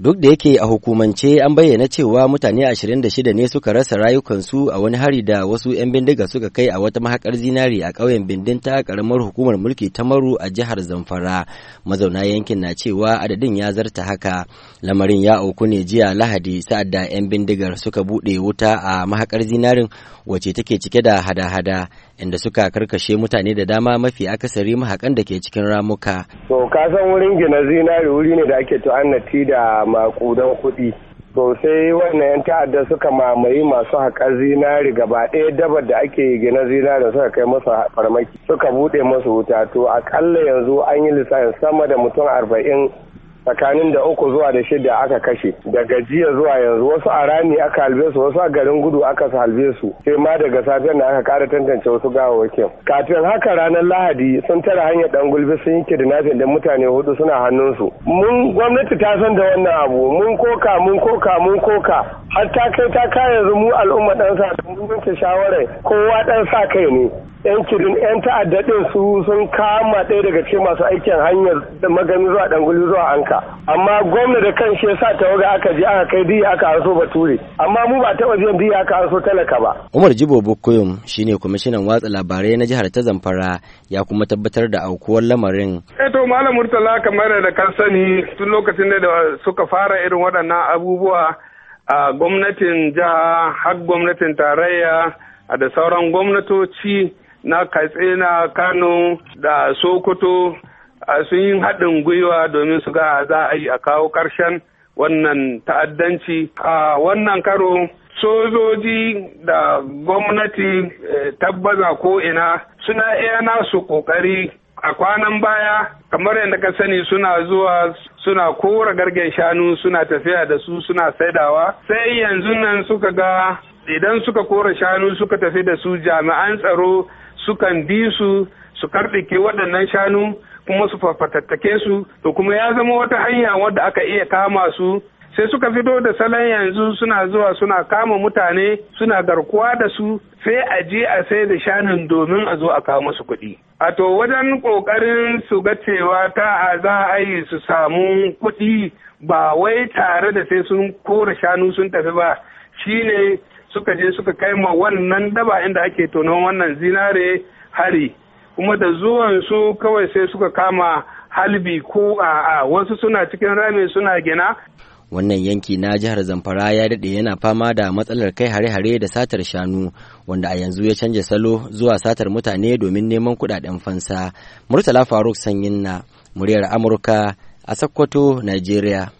duk da yake a hukumance an bayyana cewa mutane 26 ne suka rasa rayukansu a wani hari da wasu 'yan bindiga suka kai a wata mahakar zinari a ƙauyen bindin ta ƙaramar hukumar mulki ta maru a jihar zamfara mazauna yankin na cewa adadin ya zarta haka lamarin ya auku ne jiya lahadi sa'ad da 'yan bindigar suka buɗe wuta a mahakar zinarin wacce take cike da hada-hada inda suka karkashe mutane da dama mafi akasari mahakan da ke cikin ramuka. to kasan wurin gina zinari wuri ne da ake tu'annati da makudan kuɗi sosai sai wannan 'yan ta'adda suka mamaye masu haƙar zinari gaba ɗaya dabar da ake gina zinari suka kai masa farmaki suka buɗe masu wuta to aƙalla yanzu an yi lissafin sama da mutum arba'in tsakanin da uku zuwa da shida aka kashe daga jiya zuwa yanzu wasu a rami aka halbe su wasu a garin gudu aka halbe su sai ma daga safiyar da aka kara tantance wasu gawawakin kafin haka ranar lahadi sun tara hanyar dan gulbi sun yi kidnapping da mutane hudu suna hannunsu mun gwamnati ta san da wannan abu mun koka mun koka mun koka har ta kai ta kayan mu al'umma dan sa mun yanke shawarar kowa dan sa kai ne yan kirin yan ta'adda din su sun kama ɗaya daga cikin masu aikin hanyar da magani zuwa ɗanguli zuwa anka amma gwamna da kan shi sa tawaga aka je aka kai diya aka aso bature amma mu ba taɓa biyan diya aka aso talaka ba. Umar Jibo Bukoyum shine kwamishinan watsa labarai na jihar ta Zamfara ya kuma tabbatar da aukuwar lamarin. Eto eh Malam Murtala kamar da kan sani tun lokacin da suka fara irin waɗannan abubuwa a gwamnatin jiha har gwamnatin tarayya da sauran gwamnatoci na katsina kano da sokoto sun yi haɗin gwiwa domin su ga za a yi a kawo ƙarshen wannan ta'addanci a wannan karo sojoji da gwamnati e, tabbaza ko ina suna iya nasu ƙoƙari a kwanan baya kamar yadda ka sani suna zuwa suna kora gargen shanu suna tafiya da su suna saidawa sai yanzu nan suka ga idan suka kora shanu suka tafi da su jami'an tsaro sukan bi su su karɗike waɗannan shanu kuma su fafatattake su to kuma ya zama wata hanya wadda aka iya kama su sai suka fito da salon yanzu suna zuwa suna kama mutane suna garkuwa da su sai a je a sai da shanun domin a zo a kawo musu kuɗi. A to wajen ƙoƙarin su ga cewa ta a za a yi su samu kuɗi ba wai tare da sai sun kora shanu sun tafi ba shine suka je suka kai ma wannan daba inda ake tonon wannan zinare hari kuma da zuwan su kawai sai suka kama halbi ko a wasu suna cikin rami suna gina wannan yanki na jihar zamfara ya daɗe yana fama da matsalar kai hare-hare da satar shanu wanda a yanzu ya canja salo zuwa satar mutane domin neman kuɗaɗen fansa murtala faruk sanyin na muryar amurka a sokoto nigeria